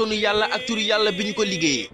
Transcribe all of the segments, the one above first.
kàttanu yàlla ak turu yàlla bi ñu ko liggéeyee.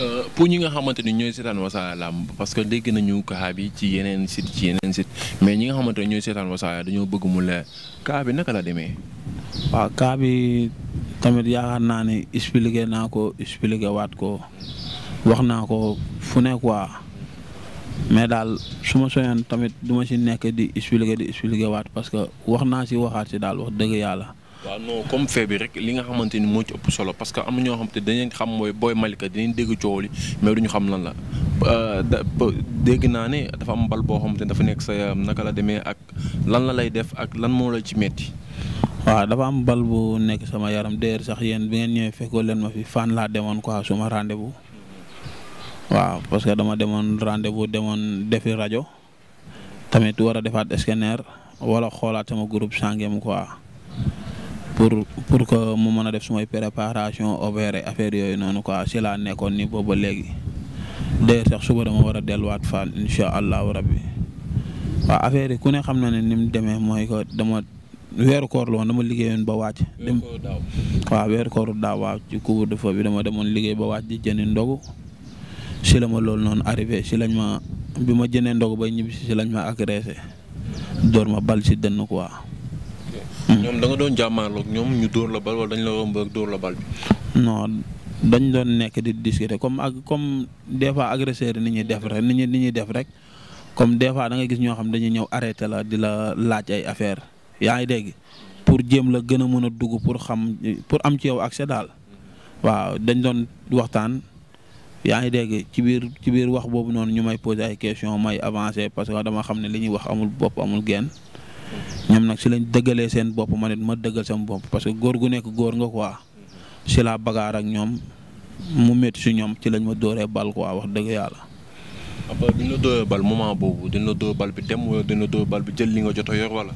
Euh, pour ñi nga xamante ni ñooy seetaan Wassare Lamb parce que dégg nañu cas bi ci yeneen site ci yeneen site mais ñi nga xamante ñooy seetaan Wassare dañoo bëgg mu leer cas bi naka la demee. waaw kaa bi tamit yaakaar naa ne expliqué naa ko expliqué waat ko wax naa ko fu ne quoi mais daal su ma soñoon tamit du ma si nekk di expliqué di expliqué waat parce que wax naa si waxaat si daal wax dëgg yàlla. waaw non comme fee bi rek li nga xamante ni moo ci ëpp solo parce que am na ñoo xam te dañu xam mooy booy Malika dinañ dégg coow li mais duñu xam lan la. Euh, dégg naa ne dafa am bal boo xamante ni dafa nekk sa naka la demee ak lan la lay def ak lan moo la ci metti waaw dafa am bal bu nekk sama yaram déer sax yéen bi ngeen ñëwee fekkoo leen ma fi fan laa demoon quoi suma rendez-vous waaw parce que dama demoon rendez-vous demoon defi rajo tamit war a defaat scanner wala xoolaat sama groupe sangem quoi pour pour que mu mën a def sumay préparation ovère affaire yooyu noonu quoi si laa nekkoon ni boobu léegi d'ailleurs sax suba dama war a delluwaat fan incha allahu rabbi waaw affaire yi ku ne xam na ne ni mu demee mooy que dama weeru koor la woon dama ba wàcc. dem waaw bi dama demoon liggéey ba wàcc di jëndi ndogu si la ma loolu noonu arrivé si lañ ma bi ma jënee ndogu ba ñibbisi si lañ ma agressé door ma bal si dënn quoi. ñoom da nga doon jàmmaarloog ñoom ñu dóor la bal wala dañ la romb ak dóor la bal bi. non dañ doon nekk di discuter comme ak comme des fois agresseur ni ñuy def rek ni ñuy ni ñuy def rek comme des fois da nga gis ñoo xam dañuy ñëw arrêté la di la laaj ay affaire yaa ngi dégg pour jéem la gën a mën a dugg pour xam pour am ci yow accès daal waaw dañ doon waxtaan. yaa ngi dégg ci biir ci biir wax boobu noonu ñu may poser ay question may avancer parce que dama xam ne li ñuy wax amul bopp amul genn nag si lañ dëggalee seen bopp ma nit ma dëggal sama bopp parce que góor gu nekk góor nga quoi si laa bagaar ak ñoom mu métti si ñoom ci lañ ma dóoree bal quoi wax dëgg yàlla. après bi ñu la dóoree bal moment boobu dina la dóor bal bi dem wala dina la dóor bal bi jël li nga jot a wala.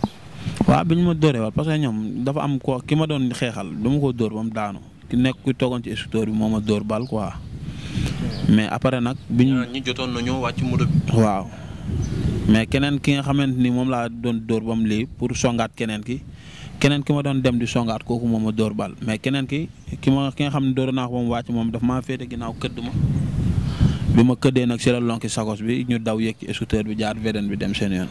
waaw bi ñu ma dóoree bal parce que ñoom dafa am ko ki ma doon xeexal dama ko dóor ba mu daanu ki nekk ku toogoon ci histoire bi moo ma dóor bal quoi mais après nag. bi ñu jotoon na ñoo wàcc moto bi. waaw. mais keneen ki nga xamante ni moom laa doon dóor ba mu lii pour songaat keneen ki keneen ki ma doon dem di songaat kooku moom ma dóor bal mais keneen ki ki ma ki nga xam ne dóor naa ko ba mu wàcc moom daf maa féete ginnaaw këdd ma bi ma këddee nag si la lonki bi ñu daw yëg ci scooter bi jaar véden bi dem seen yoon.